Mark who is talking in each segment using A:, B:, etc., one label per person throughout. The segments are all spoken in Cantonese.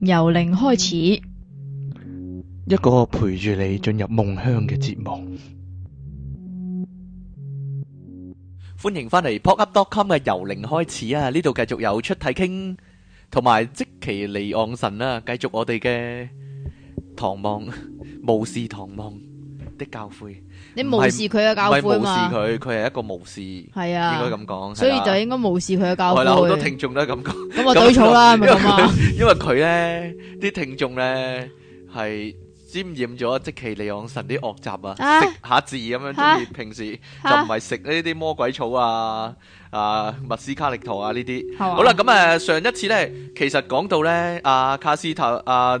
A: 由零開
B: 始，一個陪住你進入夢鄉嘅節目。歡迎返嚟 pockup.com 嘅由零開始啊！呢度繼續有出體傾同埋即其離岸神啊。繼續我哋嘅唐望巫士唐望的教誨，你無視佢嘅教誨嘛？佢佢係一個無視，係啊，應該咁講，所以就應該無視佢嘅教誨。係啦，好多聽眾都係咁講，咁我對錯啦，係咪咁啊？因為佢咧，啲聽眾咧係沾染咗即奇利昂神啲惡習啊，食下字咁樣，中意平時就唔係食呢啲魔鬼草啊、啊麥斯卡力陀啊呢啲。好啦，咁誒，上一次咧，其實講到咧，阿卡斯塔阿。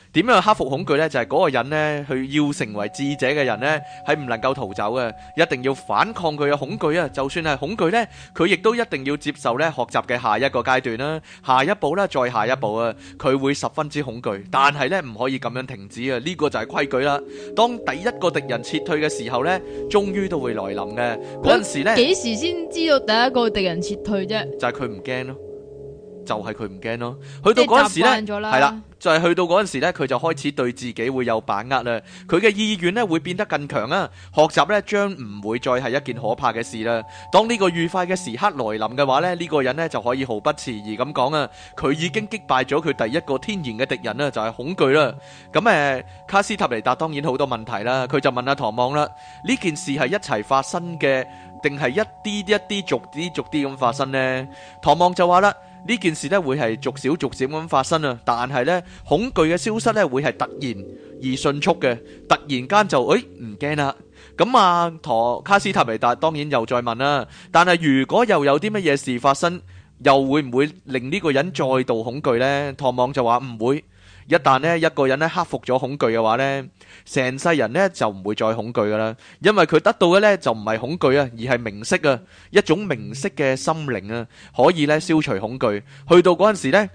B: 點樣克服恐懼咧？就係嗰個人咧，佢要成為智者嘅人咧，係唔能夠逃走嘅，一定要反抗佢嘅恐懼啊！就算係恐懼咧，佢亦都一定要接受咧，學習嘅下一個階段啦，下一步咧，再下一步啊！佢會十分之恐懼，但係咧唔可以咁樣停止啊！呢個就係規矩啦。當第一個敵人撤退嘅時候咧，終於都會來臨嘅嗰陣時咧，幾時
A: 先知道第一個敵人撤退啫？
B: 就係佢唔驚咯。就係佢唔驚咯，去到嗰陣時咧，係啦，就係、是、去到嗰陣時咧，佢就開始對自己會有把握啦。佢嘅意願咧會變得更強啊，學習呢，將唔會再係一件可怕嘅事啦。當呢個愉快嘅時刻來臨嘅話呢，呢、這個人呢就可以毫不遲疑咁講啊，佢已經擊敗咗佢第一個天然嘅敵人啦，就係、是、恐懼啦。咁誒、呃，卡斯塔尼達當然好多問題啦，佢就問阿、啊、唐望啦，呢件事係一齊發生嘅，定係一啲一啲逐啲逐啲咁發生呢？唐」唐望就話啦。呢件事咧會係逐少逐少咁發生啊，但係咧恐懼嘅消失咧會係突然而迅速嘅，突然間就誒唔驚啦。咁阿托卡斯塔維達當然又再問啦，但係如果又有啲乜嘢事發生，又會唔會令呢個人再度恐懼咧？唐望就話唔會。一旦咧一個人咧克服咗恐懼嘅話咧，成世人咧就唔會再恐懼噶啦，因為佢得到嘅咧就唔係恐懼啊，而係明晰啊，一種明晰嘅心靈啊，可以咧消除恐懼。去到嗰陣時咧。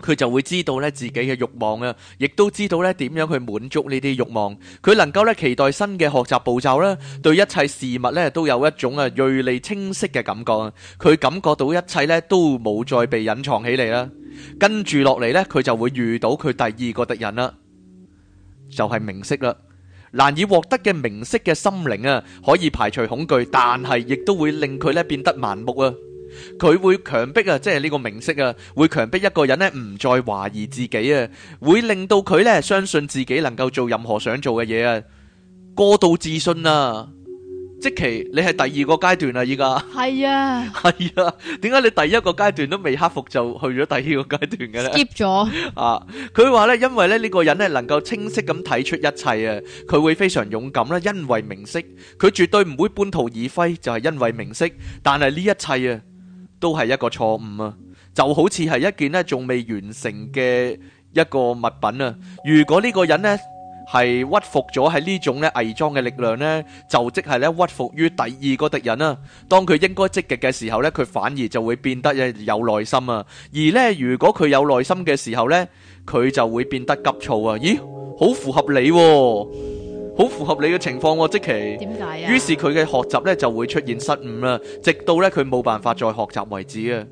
B: 佢就會知道咧自己嘅欲望啊，亦都知道咧點樣去滿足呢啲欲望。佢能夠咧期待新嘅學習步驟啦，對一切事物咧都有一種啊銳利清晰嘅感覺啊。佢感覺到一切咧都冇再被隱藏起嚟啦。跟住落嚟咧，佢就會遇到佢第二個敵人啦，就係明晰啦。難以獲得嘅明晰嘅心靈啊，可以排除恐懼，但係亦都會令佢咧變得盲目啊。佢會強迫啊，即係呢個明晰啊，會強迫一個人呢唔再懷疑自己啊，會令到佢呢相信自己能夠做任何想做嘅嘢。啊過度自信啊，即其你係第二個階段啦、啊，依家
A: 係呀，係呀、
B: 啊，點解 你第一個階段都未克服就去咗第二個階段嘅？呢？skip 咗啊！佢 話 呢，因為咧呢、這個人呢能夠清晰咁睇出一切啊，佢會非常勇敢啦，因為明晰，佢絕對唔會半途而廢，就係、是、因為明晰，但係呢一切啊。都係一個錯誤啊！就好似係一件咧仲未完成嘅一個物品啊！如果呢個人呢係屈服咗喺呢種咧偽裝嘅力量呢，就即係咧屈服於第二個敵人啊！當佢應該積極嘅時候呢，佢反而就會變得有耐心啊！而呢，如果佢有耐心嘅時候呢，佢就會變得急躁啊！咦，好符合你喎、哦！好符合你嘅情況喎，啊，即其。點於是佢嘅學習呢就會出現失誤啦，直到呢，佢冇辦法再學習為止啊。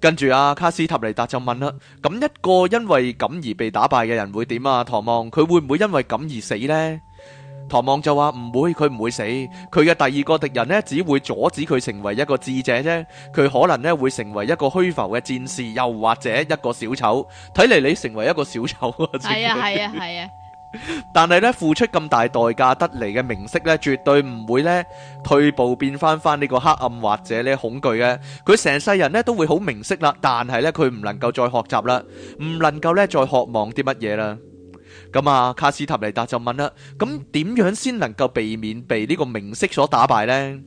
B: 跟住阿卡斯塔尼達就問啦：咁一個因為咁而被打敗嘅人會點啊？唐望，佢會唔會因為咁而死呢？」唐望就話唔會，佢唔會死。佢嘅第二個敵人呢，只會阻止佢成為一個智者啫。佢可能呢，會成為一個虛浮嘅戰士，又或者一個小丑。睇嚟你成為一個小丑。係啊，係啊，係啊。 但係咧，付出咁大代價得嚟嘅明晰咧，絕對唔會咧退步變翻翻呢個黑暗或者咧恐懼嘅。佢成世人咧都會好明晰啦，但係咧佢唔能夠再學習啦，唔能夠咧再渴望啲乜嘢啦。咁啊，卡斯塔尼達就問啦，咁點樣先能夠避免被呢個明晰所打敗呢？」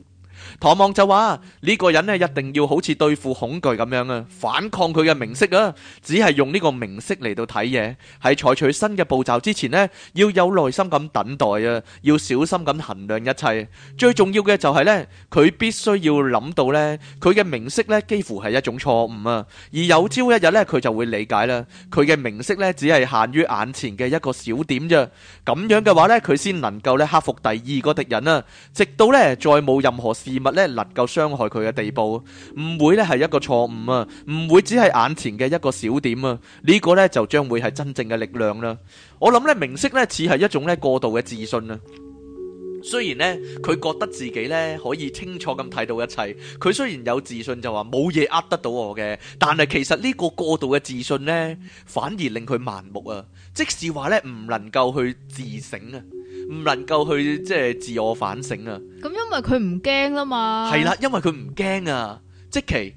B: 唐望就話呢個人呢，一定要好似對付恐懼咁樣啊，反抗佢嘅明晰啊，只係用呢個明晰嚟到睇嘢，喺採取新嘅步驟之前呢，要有耐心咁等待啊，要小心咁衡量一切，最重要嘅就係呢，佢必須要諗到呢，佢嘅明晰呢，幾乎係一種錯誤啊，而有朝一日呢，佢就會理解啦，佢嘅明晰呢，只係限於眼前嘅一個小點啫，咁樣嘅話呢，佢先能夠呢克服第二個敵人啊，直到呢再冇任何事。事物咧能夠傷害佢嘅地步，唔會咧係一個錯誤啊，唔會只係眼前嘅一個小點啊，呢、這個咧就將會係真正嘅力量啦。我諗咧，明晰咧似係一種咧過度嘅自信啊。雖然呢，佢覺得自己咧可以清楚咁睇到一切，佢雖然有自信就話冇嘢呃得到我嘅，但係其實呢個過度嘅自信呢，反而令佢盲目啊。即使話咧唔能夠去自省啊。唔能夠去即係自我反省啊！
A: 咁因為佢唔驚吖嘛，係啦，
B: 因為佢唔驚啊！即其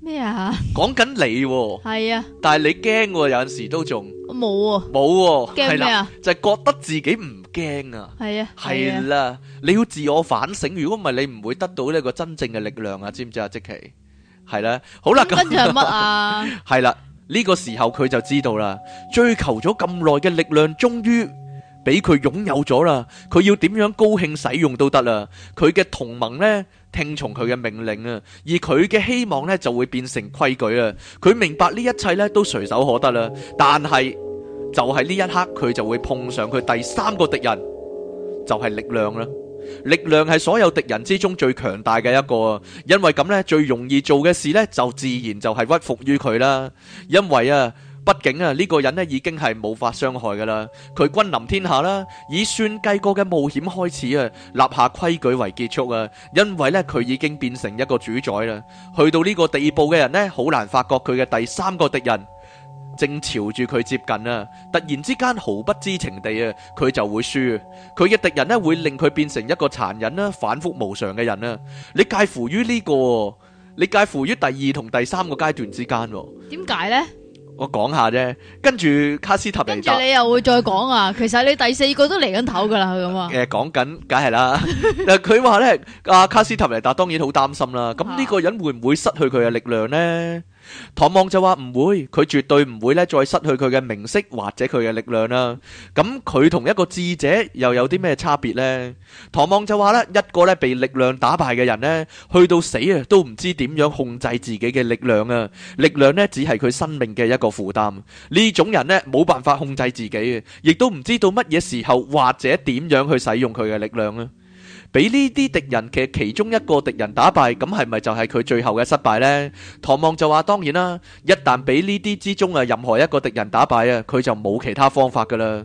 A: 咩啊？
B: 講緊你係啊！但係你驚喎，有陣時都仲我冇啊，冇驚咩啊？就係覺得自己唔驚啊！
A: 係啊，係啦！
B: 你要自我反省，如果唔係你唔會得到呢個真正嘅力量啊！知唔知啊？即其係啦，好啦，咁跟住係乜啊？係啦，呢個時候佢就知道啦，追求咗咁耐嘅力量，終於。俾佢擁有咗啦，佢要點樣高興使用都得啦。佢嘅同盟呢聽從佢嘅命令啊，而佢嘅希望呢就會變成規矩啊。佢明白呢一切呢都隨手可得啦，但係就係呢一刻佢就會碰上佢第三個敵人，就係力量啦。力量係所有敵人之中最強大嘅一個啊，因為咁呢最容易做嘅事呢就自然就係屈服於佢啦，因為啊。畢竟啊，呢、這個人咧已經係無法傷害噶啦。佢君臨天下啦，以算計過嘅冒險開始啊，立下規矩為結束啊。因為呢，佢已經變成一個主宰啦。去到呢個地步嘅人呢，好難發覺佢嘅第三個敵人正朝住佢接近啊。突然之間毫不知情地啊，佢就會輸。佢嘅敵人呢，會令佢變成一個殘忍啦、啊、反復無常嘅人啦、啊。你介乎於呢個、啊，你介乎於第二同第三個階段之間，點解呢？我講下啫，跟住卡斯塔尼達，跟住你
A: 又會再講啊！ 其實你第四個都嚟緊頭噶啦，佢咁、呃呃、 啊。
B: 誒，講緊，梗係啦。佢話咧，阿卡斯塔尼達當然好擔心啦。咁呢 個人會唔會失去佢嘅力量咧？唐望就話唔會，佢絕對唔會咧再失去佢嘅名色或者佢嘅力量啦。咁佢同一個智者又有啲咩差別呢？唐望就話啦，一個咧被力量打敗嘅人呢，去到死啊都唔知點樣控制自己嘅力量啊！力量呢，只係佢生命嘅一個負擔，呢種人呢，冇辦法控制自己啊，亦都唔知道乜嘢時候或者點樣去使用佢嘅力量啊！俾呢啲敵人嘅其中一個敵人打敗，咁係咪就係佢最後嘅失敗呢？唐望就話：當然啦，一旦俾呢啲之中嘅任何一個敵人打敗啊，佢就冇其他方法噶啦。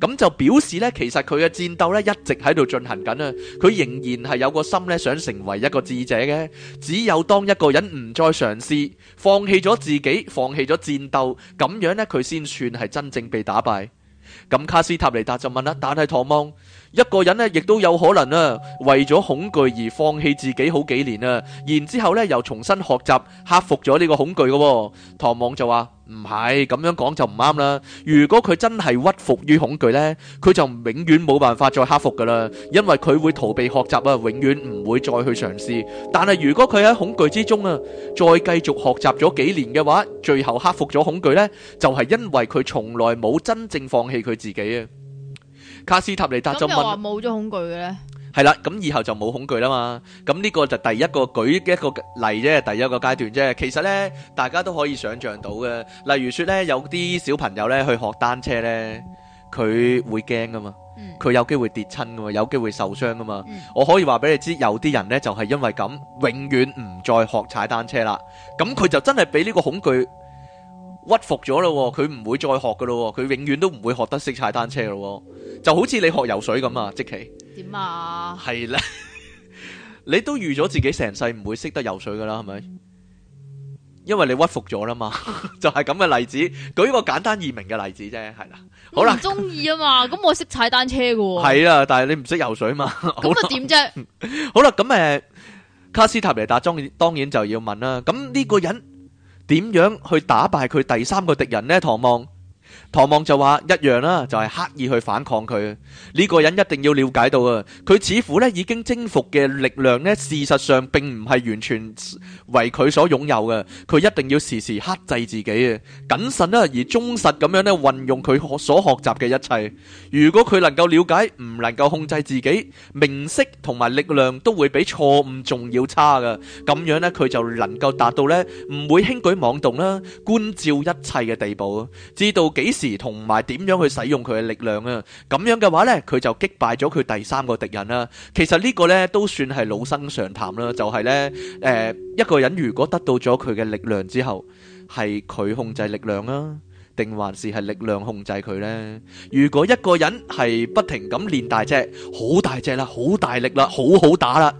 B: 咁就表示呢，其實佢嘅戰鬥呢一直喺度進行緊啊！佢仍然係有個心咧，想成為一個智者嘅。只有當一個人唔再嘗試，放棄咗自己，放棄咗戰鬥，咁樣呢，佢先算係真正被打敗。咁卡斯塔尼達就問啦，但係唐望。一個人咧，亦都有可能啊，為咗恐懼而放棄自己好幾年啊，然之後咧又重新學習，克服咗呢個恐懼嘅。唐望就話唔係，咁樣講就唔啱啦。如果佢真係屈服於恐懼呢，佢就永遠冇辦法再克服噶啦，因為佢會逃避學習啊，永遠唔會再去嘗試。但係如果佢喺恐懼之中啊，再繼續學習咗幾年嘅話，最後克服咗恐懼呢，就係因為佢從來冇真正放棄佢自己啊。卡斯塔尼達咗問，咁又
A: 話冇咗恐懼嘅咧？
B: 係啦，咁以後就冇恐懼啦嘛。咁呢個就第一個舉一個例啫，第一個階段啫。其實咧，大家都可以想象到嘅。例如說咧，有啲小朋友咧去學單車咧，佢會驚噶嘛，佢有機會跌親噶嘛，有機會受傷噶嘛。我可以話俾你知，有啲人咧就係因為咁，永遠唔再學踩單車啦。咁佢就真係俾呢個恐懼。屈服咗咯，佢唔會再學噶咯，佢永遠都唔會學得識踩單車咯，就好似你學游水咁啊，即其
A: 點啊？
B: 係啦，你都預咗自己成世唔會識得游水噶啦，係咪？嗯、因為你屈服咗啦嘛，就係咁嘅例子， 舉一個簡單易明嘅例子啫，係啦，好啦，
A: 中意啊嘛，咁我識踩單車噶，係
B: 啊，但係你唔識游水嘛，咁啊點啫？好啦，咁誒，卡斯塔尼達，當然當然就要問啦，咁呢個人。點樣去打敗佢第三個敵人呢？唐望。唐望就話一樣啦，就係刻意去反抗佢。呢個人一定要了解到啊，佢似乎咧已經征服嘅力量咧，事實上並唔係完全為佢所擁有嘅。佢一定要時時克制自己啊，謹慎啦，而忠實咁樣咧運用佢學所學習嘅一切。如果佢能夠了解，唔能夠控制自己，明晰同埋力量都會比錯誤仲要差嘅。咁樣咧佢就能夠達到咧唔會輕舉妄動啦，觀照一切嘅地步，知道幾時。同埋點樣去使用佢嘅力量啊？咁樣嘅話呢，佢就擊敗咗佢第三個敵人啦。其實呢個呢都算係老生常談啦。就係呢，誒，一個人如果得到咗佢嘅力量之後，係佢控制力量啊，定還是係力量控制佢呢？如果一個人係不停咁練大隻，好大隻啦，好大力啦，好好打啦，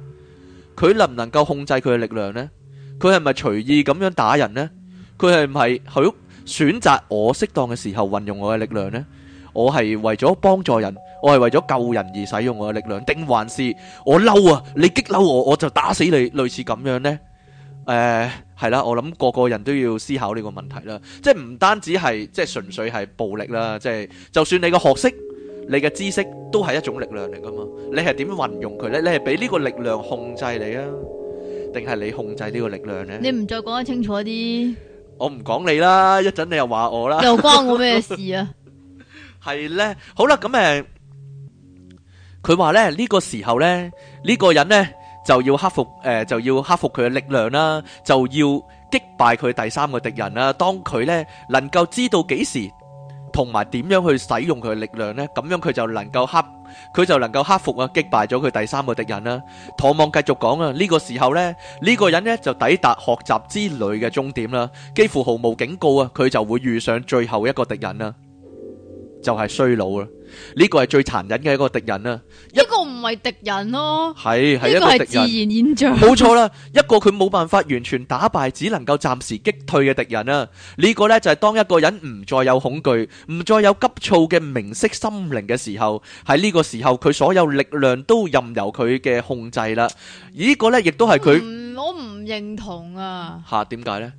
B: 佢能唔能夠控制佢嘅力量呢？佢係咪隨意咁樣打人呢？佢係唔係好？選擇我適當嘅時候運用我嘅力量呢，我係為咗幫助人，我係為咗救人而使用我嘅力量，定還是我嬲啊？你激嬲我，我就打死你，類似咁樣呢？誒，係啦，我諗個個人都要思考呢個問題啦。即係唔單止係即係純粹係暴力啦，即係就算你嘅學識、你嘅知識都係一種力量嚟噶嘛？你係點運用佢呢？你係俾呢個力量控制你啊，定係你控制呢個力量呢？你
A: 唔再講得清楚啲？
B: 我唔講你啦，一陣你又話我啦，又關
A: 我咩事啊？
B: 係咧，好啦，咁誒，佢話咧，呢個時候咧，呢個人咧，就要克服誒，就要克服佢嘅力量啦，就要擊敗佢第三個敵人啦。當佢咧能夠知道幾時，同埋點樣去使用佢嘅力量呢？咁樣佢就能夠克服，佢就能夠克服啊，擊敗咗佢第三個敵人啦。望繼唐望繼續講啊，呢個時候呢，呢個人呢就抵達學習之旅嘅終點啦，幾乎毫無警告啊，佢就會遇上最後一個敵人啦。就係衰老啦，呢個係最殘忍嘅一個敵人啦。
A: 呢個唔係敵人咯，
B: 係係一個自然
A: 現象，冇錯啦。
B: 一個佢冇辦法完全打敗，只能夠暫時擊退嘅敵人啦。呢個呢就係當一個人唔再有恐懼，唔再有急躁嘅明晰心靈嘅時候，喺呢個時候佢所有力量都任由佢嘅控制啦。而呢個呢亦都係佢，
A: 我唔認同啊。
B: 吓，點解呢？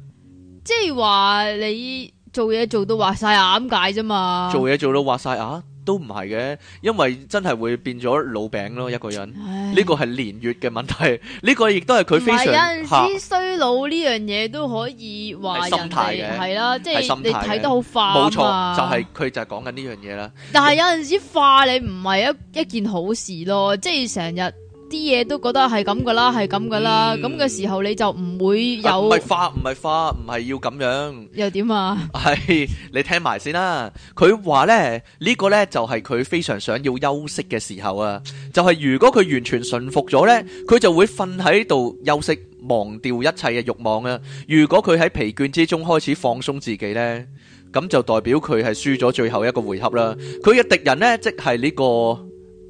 A: 即係話你。做嘢做到滑晒眼解啫嘛，做嘢
B: 做到滑晒眼都唔係嘅，因為真係會變咗老餅咯，一個人呢唉 個係年月嘅問題，呢、這個亦都係佢非常。有陣
A: 時衰老呢樣嘢都可以話人嘅係啦，即係你睇得好化，冇錯，就係
B: 佢就係講緊呢樣嘢啦。
A: 但係有陣時化你唔係一一件好事咯，即係成日。啲嘢都覺得係咁噶啦，係咁噶啦，咁嘅時候你就唔會有。唔係發，
B: 唔係發，唔係要咁樣。
A: 又點啊？
B: 係你聽埋先啦。佢話咧呢個咧就係佢非常想要休息嘅時候啊。就係如果佢完全馴服咗咧，佢就會瞓喺度休息，忘掉一切嘅欲望啊。如果佢喺疲倦之中開始放鬆自己咧，咁就代表佢係輸咗最後一個回合啦。佢嘅敵人咧，即係呢個。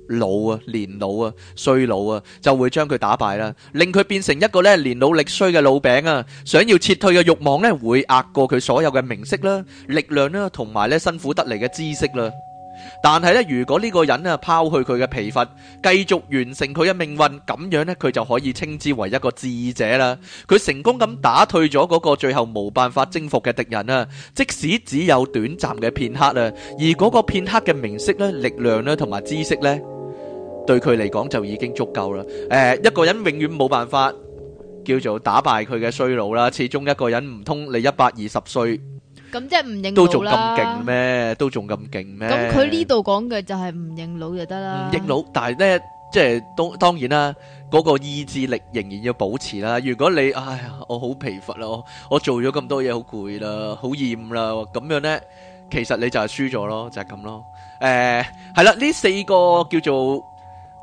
B: 老啊，年老啊，衰老啊，就會將佢打敗啦，令佢變成一個咧年老力衰嘅老餅啊！想要撤退嘅慾望咧，會壓過佢所有嘅名色啦、力量啦，同埋咧辛苦得嚟嘅知識啦。但係咧，如果呢個人啊拋去佢嘅疲乏，繼續完成佢嘅命運，咁樣咧，佢就可以稱之為一個智者啦。佢成功咁打退咗嗰個最後冇辦法征服嘅敵人啊！即使只有短暫嘅片刻啊，而嗰個片刻嘅名色咧、力量咧、同埋知識咧，對佢嚟講就已經足夠啦。誒，一個人永遠冇辦法叫做打敗佢嘅衰老啦。始終一個人唔通你一百二十歲，
A: 咁即係唔認老啦。都仲咁勁
B: 咩？都仲咁勁咩？咁佢呢
A: 度講嘅就係唔認老就得啦。唔認
B: 老，但係咧，即係當當然啦，嗰個意志力仍然要保持啦。如果你，哎呀，我好疲乏啦，我我做咗咁多嘢好攰啦，好厭啦，咁樣咧，其實你就係輸咗咯，就係咁咯。誒，係啦，呢四個叫做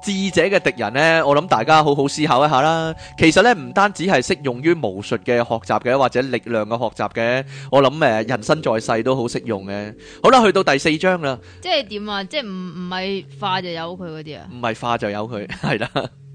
B: 智者嘅敵人呢，我諗大家好好思考一下啦。其實呢，唔單止係適用於巫術嘅學習嘅，或者力量嘅學習嘅，我諗誒、呃，人生在世都好適用嘅。好啦，去到第四章啦。
A: 即係點啊？即係唔唔係化就有佢嗰啲啊？
B: 唔係化就有佢，係啦。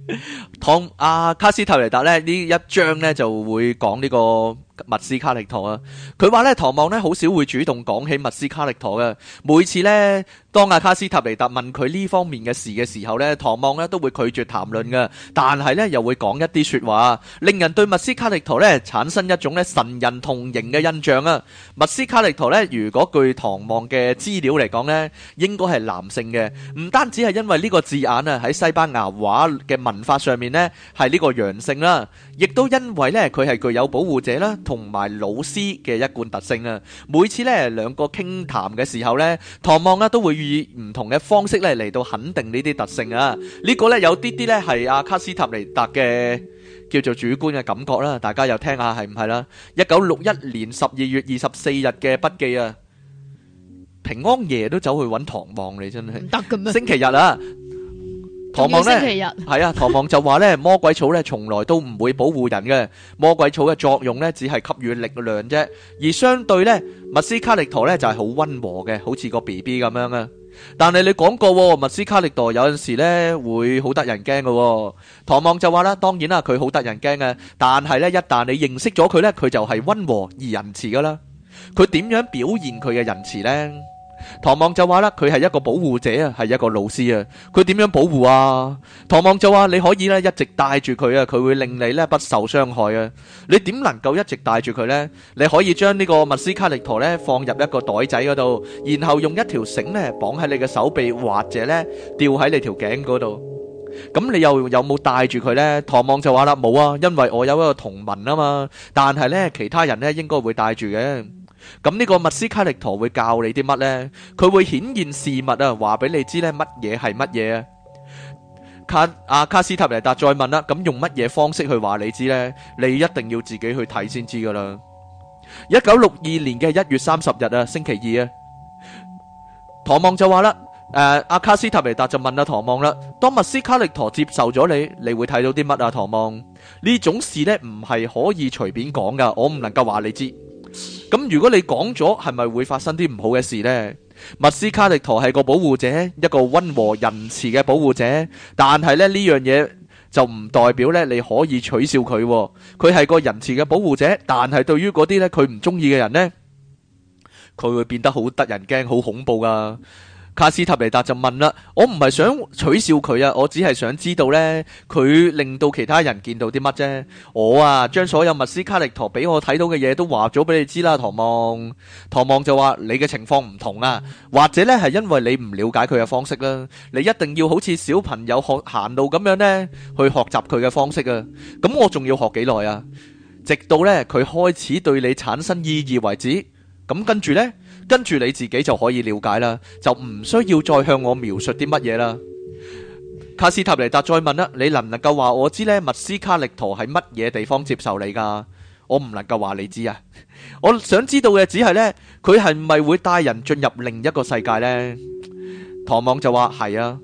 B: 唐阿、啊、卡斯特尼達呢，呢一章呢就會講呢、這個。麥斯卡力陀啊，佢話咧，唐望咧好少會主動講起麥斯卡力陀嘅。每次咧，當阿卡斯塔尼達問佢呢方面嘅事嘅時候咧，唐望咧都會拒絕談論嘅。但係咧，又會講一啲説話，令人對麥斯卡力陀咧產生一種咧神人同形嘅印象啊。麥斯卡力陀咧，如果據唐望嘅資料嚟講咧，應該係男性嘅。唔單止係因為呢個字眼啊，喺西班牙話嘅文化上面呢，係呢個陽性啦，亦都因為咧佢係具有保護者啦。同埋老師嘅一貫特性啊，每次呢兩個傾談嘅時候呢，唐望啊都會以唔同嘅方式呢嚟到肯定呢啲特性啊。呢個呢有啲啲呢係阿卡斯塔尼達嘅叫做主觀嘅感覺啦。大家又聽下係唔係啦？一九六一年十二月二十四日嘅筆記啊，平安夜都走去揾唐望，你真係唔得嘅咩？星期日啊！唐望咧，係啊，唐望就話咧，魔鬼草咧從來都唔會保護人嘅，魔鬼草嘅作用咧只係給予力量啫。而相對咧，麥斯卡力陀咧就係好溫和嘅，好似個 BB 咁樣啊。但係你講過，麥斯卡力陀有陣時咧會好得人驚嘅。唐望就話啦，當然啦，佢好得人驚嘅，但係咧，一旦你認識咗佢咧，佢就係溫和而仁慈噶啦。佢點樣表現佢嘅仁慈咧？唐望就話啦，佢係一個保護者啊，係一個老師啊，佢點樣保護啊？唐望就話你可以咧，一直帶住佢啊，佢會令你咧不受傷害啊。你點能夠一直帶住佢呢？你可以將呢個麥斯卡力陀咧放入一個袋仔嗰度，然後用一條繩咧綁喺你嘅手臂或者咧吊喺你條頸嗰度。咁你又有冇帶住佢呢？唐望就話啦，冇啊，因為我有一個同文啊嘛。但係咧，其他人咧應該會帶住嘅。咁呢個麥斯卡力陀會教你啲乜呢？佢會顯現事物啊，話俾你知呢乜嘢係乜嘢啊？卡阿卡斯塔尼達再問啦，咁用乜嘢方式去話你知呢？你一定要自己去睇先知噶啦。一九六二年嘅一月三十日啊，星期二啊，唐望就話啦，誒，阿卡斯塔尼達就問啦，唐望啦，當麥斯卡力陀接受咗你，你會睇到啲乜啊？唐望，呢種事呢，唔係可以隨便講噶，我唔能夠話你知。咁如果你講咗，係咪會發生啲唔好嘅事呢？密斯卡力陀係個保護者，一個溫和仁慈嘅保護者，但係咧呢樣嘢就唔代表咧你可以取笑佢。佢係個仁慈嘅保護者，但係對於嗰啲咧佢唔中意嘅人呢，佢會變得好得人驚，好恐怖噶。卡斯塔尼達就問啦：我唔係想取笑佢啊，我只係想知道呢，佢令到其他人見到啲乜啫。我啊，將所有麥斯卡力陀俾我睇到嘅嘢都話咗俾你知啦。唐望，唐望就話：你嘅情況唔同啊，或者呢，係因為你唔了解佢嘅方式啦。你一定要好似小朋友學行路咁樣呢去學習佢嘅方式啊。咁我仲要學幾耐啊？直到呢，佢開始對你產生意義為止。咁跟住呢。跟住你自己就可以了解啦，就唔需要再向我描述啲乜嘢啦。卡斯塔尼達再問啦，你能唔能夠話我知呢？麥斯卡力陀喺乜嘢地方接受你噶？我唔能夠話你知啊。 我想知道嘅只係呢，佢係咪會帶人進入另一個世界呢？唐望就話，係啊，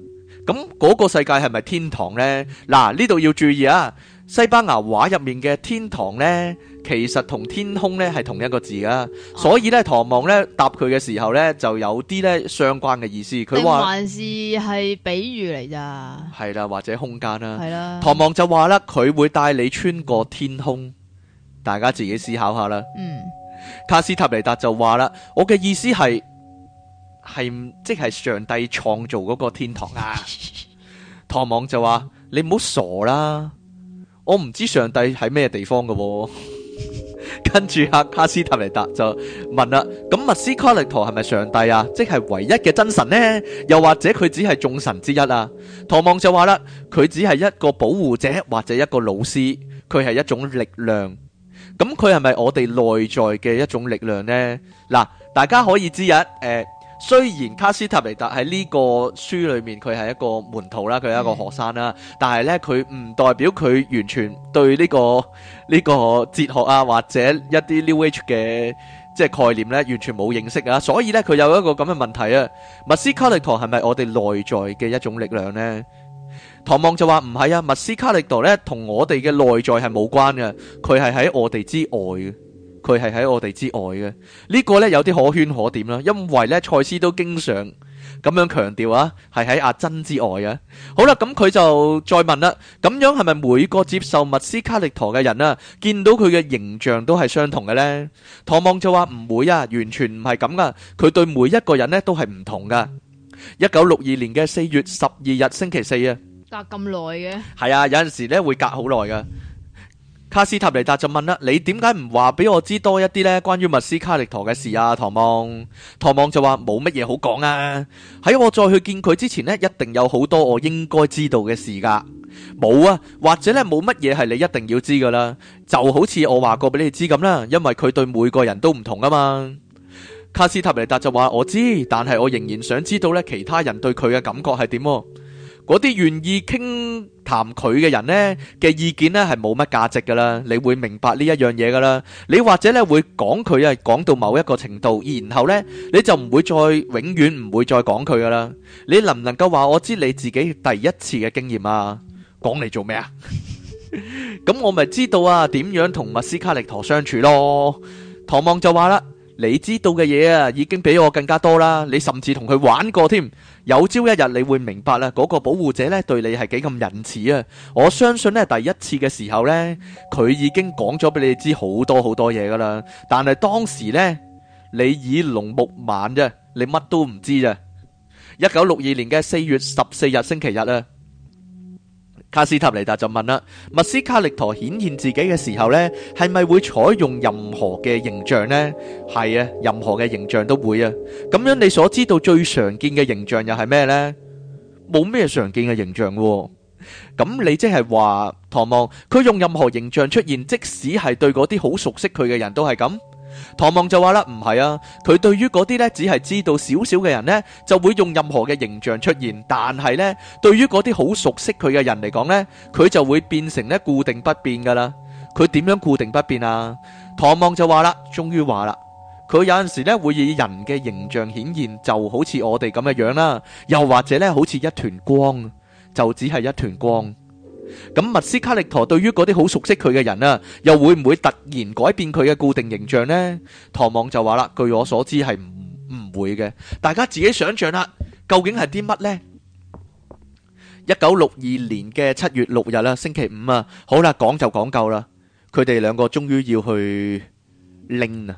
B: 咁嗰個世界係咪天堂呢？嗱，呢度要注意啊。西班牙話入面嘅天堂呢，其實同天空呢係同一個字噶，啊、所以呢，唐望呢答佢嘅時候呢，就有啲呢相關嘅意思。佢話，定還
A: 是係比喻嚟咋？
B: 係啦、啊，或者空間啦、啊。係啦是、啊。唐望就話啦，佢會帶你穿過天空，大家自己思考下啦。嗯。卡斯塔尼達就話啦，我嘅意思係係即係上帝創造嗰個天堂、啊。 唐望就話，你唔好傻啦。我唔知上帝喺咩地方嘅、哦， 跟住阿卡斯塔尼達就問啦：咁密斯卡力陀係咪上帝啊？即係唯一嘅真神呢？又或者佢只係眾神之一啊？唐望就話啦：佢只係一個保護者或者一個老師，佢係一種力量。咁佢係咪我哋內在嘅一種力量呢？嗱，大家可以知一誒。欸雖然卡斯塔尼達喺呢個書裏面佢係一個門徒啦，佢係一個學生啦，mm. 但係呢，佢唔代表佢完全對呢、這個呢、這個哲學啊或者一啲 New Age 嘅即係概念呢，完全冇認識啊，所以呢，佢有一個咁嘅問題啊，麥斯卡力陀係咪我哋內在嘅一種力量呢？唐望就話唔係啊，麥斯卡力陀呢，同我哋嘅內在係冇關嘅，佢係喺我哋之外佢係喺我哋之外嘅，呢個咧有啲可圈可點啦。因為咧，賽斯都經常咁樣強調啊，係喺阿珍之外嘅。好啦，咁佢就再問啦，咁樣係咪每個接受密斯卡力陀嘅人啊，見到佢嘅形象都係相同嘅咧？唐望就話唔會啊，完全唔係咁噶。佢對每一個人咧都係唔同噶。一九六二年嘅四月十二日星期四啊，
A: 隔咁耐嘅，
B: 係啊，有陣時咧會隔好耐噶。卡斯塔尼達就問啦：你點解唔話俾我知多一啲呢？關於麥斯卡力陀嘅事啊。唐望，唐望就話冇乜嘢好講啊！喺我再去見佢之前呢，一定有好多我應該知道嘅事噶。冇啊，或者咧冇乜嘢係你一定要知噶啦。就好似我話過俾你知咁啦，因為佢對每個人都唔同啊嘛。卡斯塔尼達就話：我知，但係我仍然想知道咧，其他人對佢嘅感覺係點。嗰啲願意傾談佢嘅人咧嘅意見咧係冇乜價值噶啦，你會明白呢一樣嘢噶啦。你或者咧會講佢啊，講到某一個程度，然後咧你就唔會再永遠唔會再講佢噶啦。你能唔能夠話我知你自己第一次嘅經驗啊？講嚟做咩啊？咁我咪知道啊，點樣同麥斯卡力陀相處咯。唐望就話啦。你知道嘅嘢啊，已經比我更加多啦。你甚至同佢玩過添，有朝一日你會明白啦。嗰個保護者咧，對你係幾咁仁慈啊！我相信咧，第一次嘅時候呢，佢已經講咗俾你知好多好多嘢噶啦。但係當時呢，你耳聾目晚啫，你乜都唔知啊！一九六二年嘅四月十四日星期日啊！卡斯塔尼達就問啦，麥斯卡力陀顯現自己嘅時候呢，係咪會採用任何嘅形象呢？係啊，任何嘅形象都會啊。咁樣你所知道最常見嘅形象又係咩呢？冇咩常見嘅形象喎，啊。咁你即係話，唐望佢用任何形象出現，即使係對嗰啲好熟悉佢嘅人都係咁。唐望就話啦，唔係啊，佢對於嗰啲呢，只係知道少少嘅人呢，就會用任何嘅形象出現，但係呢，對於嗰啲好熟悉佢嘅人嚟講呢，佢就會變成呢固定不變噶啦。佢點樣固定不變啊？唐望就話啦，終於話啦，佢有陣時咧會以人嘅形象顯現，就好似我哋咁嘅樣啦，又或者呢，好似一團光，就只係一團光。咁麥斯卡力陀對於嗰啲好熟悉佢嘅人啊，又會唔會突然改變佢嘅固定形象呢？唐望就話啦，據我所知係唔唔會嘅，大家自己想象啦，究竟係啲乜呢？一九六二年嘅七月六日啦，啊，星期五啊，好啦，講就講夠啦，佢哋兩個終於要去拎啊！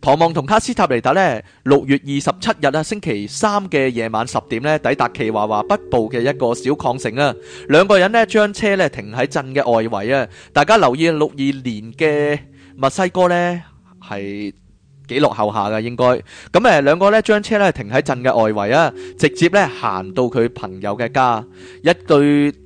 B: 唐望同卡斯塔尼達呢，六月二十七日啊，星期三嘅夜晚十點呢，抵達奇華華北部嘅一個小礦城啊，兩個人呢，將車呢停喺鎮嘅外圍啊，大家留意六二年嘅墨西哥呢，係幾落後下嘅，應該咁，誒，兩個呢將車呢停喺鎮嘅外圍啊，直接呢，行到佢朋友嘅家一對。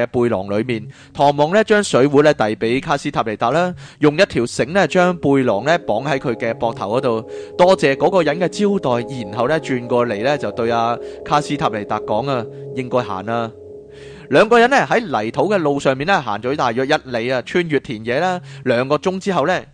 B: 嘅背囊裏面，唐望咧將水壺咧遞俾卡斯塔尼達啦，用一條繩咧將背囊咧綁喺佢嘅膊頭嗰度。多謝嗰個人嘅招待，然後咧轉過嚟咧就對阿卡斯塔尼達講啊，應該行啦。兩個人咧喺泥土嘅路上面咧行咗大約一里啊，穿越田野啦，兩個鐘之後咧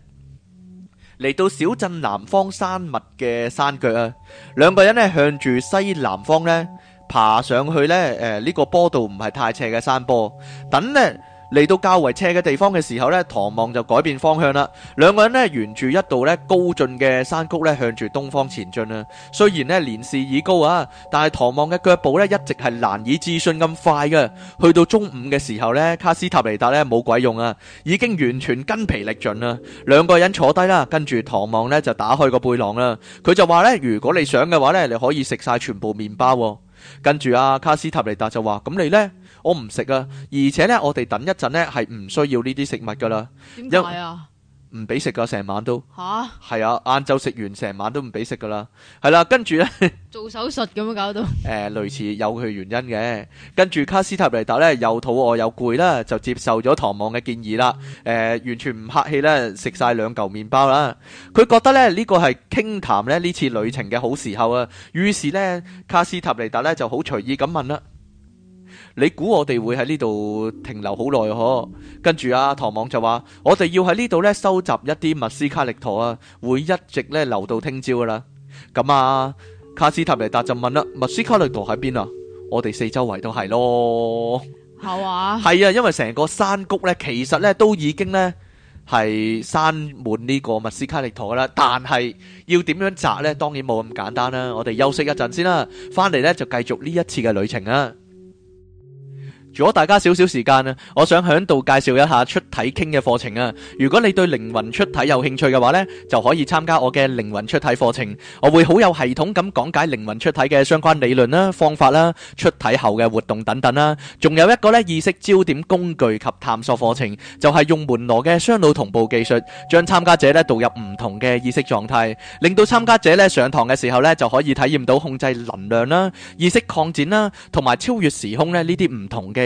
B: 嚟到小鎮南方山脈嘅山腳啊，兩個人咧向住西南方咧。爬上去咧，誒、呃、呢、這個坡度唔係太斜嘅山坡。等咧嚟到較為斜嘅地方嘅時候咧，唐望就改變方向啦。兩個人咧沿住一道咧高峻嘅山谷咧向住東方前進啦。雖然咧年事已高啊，但係唐望嘅腳步咧一直係難以置信咁快嘅。去到中午嘅時候咧，卡斯塔尼達咧冇鬼用啊，已經完全筋疲力盡啦。兩個人坐低啦，跟住唐望咧就打開個背囊啦。佢就話咧，如果你想嘅話咧，你可以食晒全部麵包。跟住阿、啊、卡斯塔尼達就話：咁你呢？我唔食啊，而且呢，我哋等一陣呢係唔需要呢啲食物噶啦。
A: 點解啊？
B: 唔俾食噶，成晚都吓係啊！晏晝食完，成晚都唔俾食噶啦，係啦、啊。跟住呢，
A: 做手術咁樣搞到
B: 誒、 呃，類似有佢原因嘅。跟住卡斯塔尼達呢，又肚餓又攰啦，就接受咗唐望嘅建議啦。誒、呃，完全唔客氣呢，食晒兩嚿麵包啦。佢覺得呢，這個、傾談呢個係傾談咧呢次旅程嘅好時候啊。於是呢，卡斯塔尼達呢，就好隨意咁問啦。你估我哋會喺呢度停留好耐嗬？跟住阿、啊、唐望就話：我哋要喺呢度咧收集一啲麥斯卡力陀啊，會一直咧留到聽朝噶啦。咁啊，卡斯塔尼達就問啦：麥斯卡力陀喺邊啊？我哋四周圍都係咯。
A: 係
B: 吧 啊，因為成個山谷咧，其實咧都已經咧係山滿呢個麥斯卡力陀啦。但係要點樣摘呢？當然冇咁簡單啦、啊。我哋休息一陣先啦，翻嚟呢就繼續呢一次嘅旅程啊！如果大家少少時間啊，我想喺度介紹一下出體傾嘅課程啊！如果你對靈魂出體有興趣嘅話咧，就可以參加我嘅靈魂出體課程。我會好有系統咁講解靈魂出體嘅相關理論啦、方法啦、出體後嘅活動等等啦。仲有一個咧意識焦點工具及探索課程，就係用門羅嘅雙腦同步技術，將參加者咧導入唔同嘅意識狀態，令到參加者咧上堂嘅時候咧就可以體驗到控制能量啦、意識擴展啦，同埋超越時空咧呢啲唔同嘅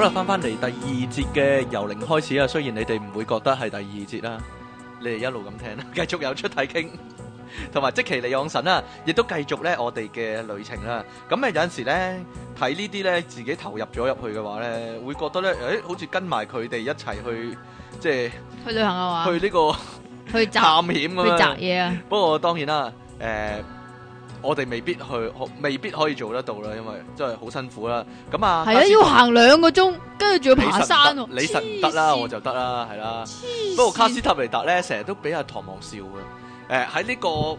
B: 好啦，翻翻嚟第二節嘅由零開始啊，雖然你哋唔會覺得係第二節啦，你哋一路咁聽，繼續有出體傾，同埋即其你往神啦，亦都繼續咧我哋嘅旅程啦。咁啊有陣時咧睇呢啲咧自己投入咗入去嘅話咧，會覺得咧誒、欸，好似跟埋佢哋一齊去，即係去旅行啊嘛，去呢這個去探險咁啊，去摘嘢啊。不過當然啦，誒、呃。我哋未必去，未必可以做得到啦，因為真係好辛苦啦。咁啊，係啊，要行
A: 兩個鐘，跟住仲要爬山。你實唔得啦，我就
B: 得啦，係啦。不過卡斯塔尼達咧，成日都俾阿唐望笑嘅。誒、呃，喺呢、這個。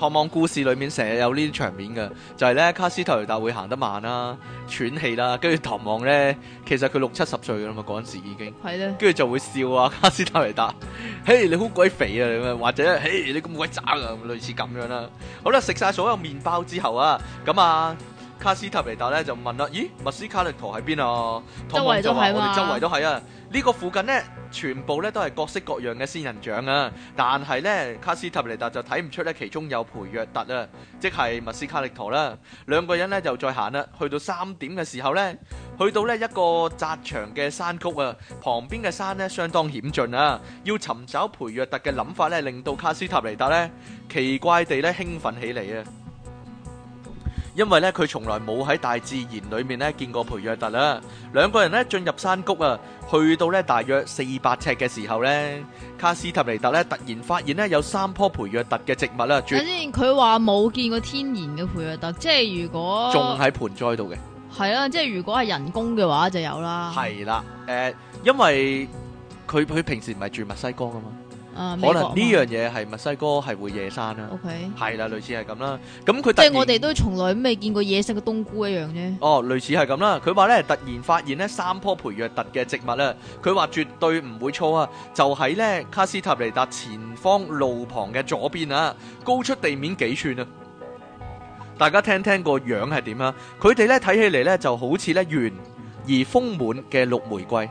B: 唐望故事裏面成日有呢啲場面嘅，就係、是、咧卡斯特雷達會行得慢啦、啊、喘氣啦、啊，跟住唐望咧，其實佢六七十歲啦嘛，嗰陣時已經，係啦的，跟住就會笑啊卡斯特雷達， 嘿你好鬼肥啊你，或者嘿你咁鬼渣啊，類似咁樣啦、啊。好啦，食晒所有麵包之後啊，咁啊。卡斯塔尼達咧就問啦：咦，麥斯卡力陀喺邊啊？周圍就係我哋周圍都係啊，呢 個附近呢，全部咧都係各式各樣嘅仙人掌啊。但係咧，卡斯塔尼達就睇唔出咧，其中有培約特啊，即係麥斯卡力陀啦、啊。兩個人咧就再行啦、啊，去到三點嘅時候咧，去到呢一個窄長嘅山谷啊，旁邊嘅山咧相當險峻啊。要尋找培約特嘅諗法咧，令到卡斯塔尼達咧奇怪地咧興奮起嚟啊！因為咧，佢從來冇喺大自然裏面咧見過培約特啦。兩個人咧進入山谷啊，去到咧大約四百尺嘅時候咧，卡斯塔尼達咧突然發現咧有三棵培約特嘅植物啦。首先，
A: 佢話冇見過天然嘅培約特，即係如果仲
B: 喺盆栽度嘅
A: 係啊，即係如果係人工嘅話就有啦。係
B: 啦，誒、呃，因為佢佢平時唔係住墨西哥㗎嘛。
A: 啊、可能呢樣
B: 嘢係墨西哥係會野生啦，係啦 Okay.，類似係咁啦。咁、嗯、佢即係我
A: 哋都從來未見過野生嘅冬菇一樣啫、啊。
B: 哦，類似係咁啦。佢話咧突然發現呢三棵培約特嘅植物啦，佢話絕對唔會錯啊！就喺咧卡斯塔尼達前方路旁嘅左邊啊，高出地面幾寸啊！大家聽聽個樣係點啊？佢哋咧睇起嚟咧就好似咧圓而豐滿嘅綠玫瑰。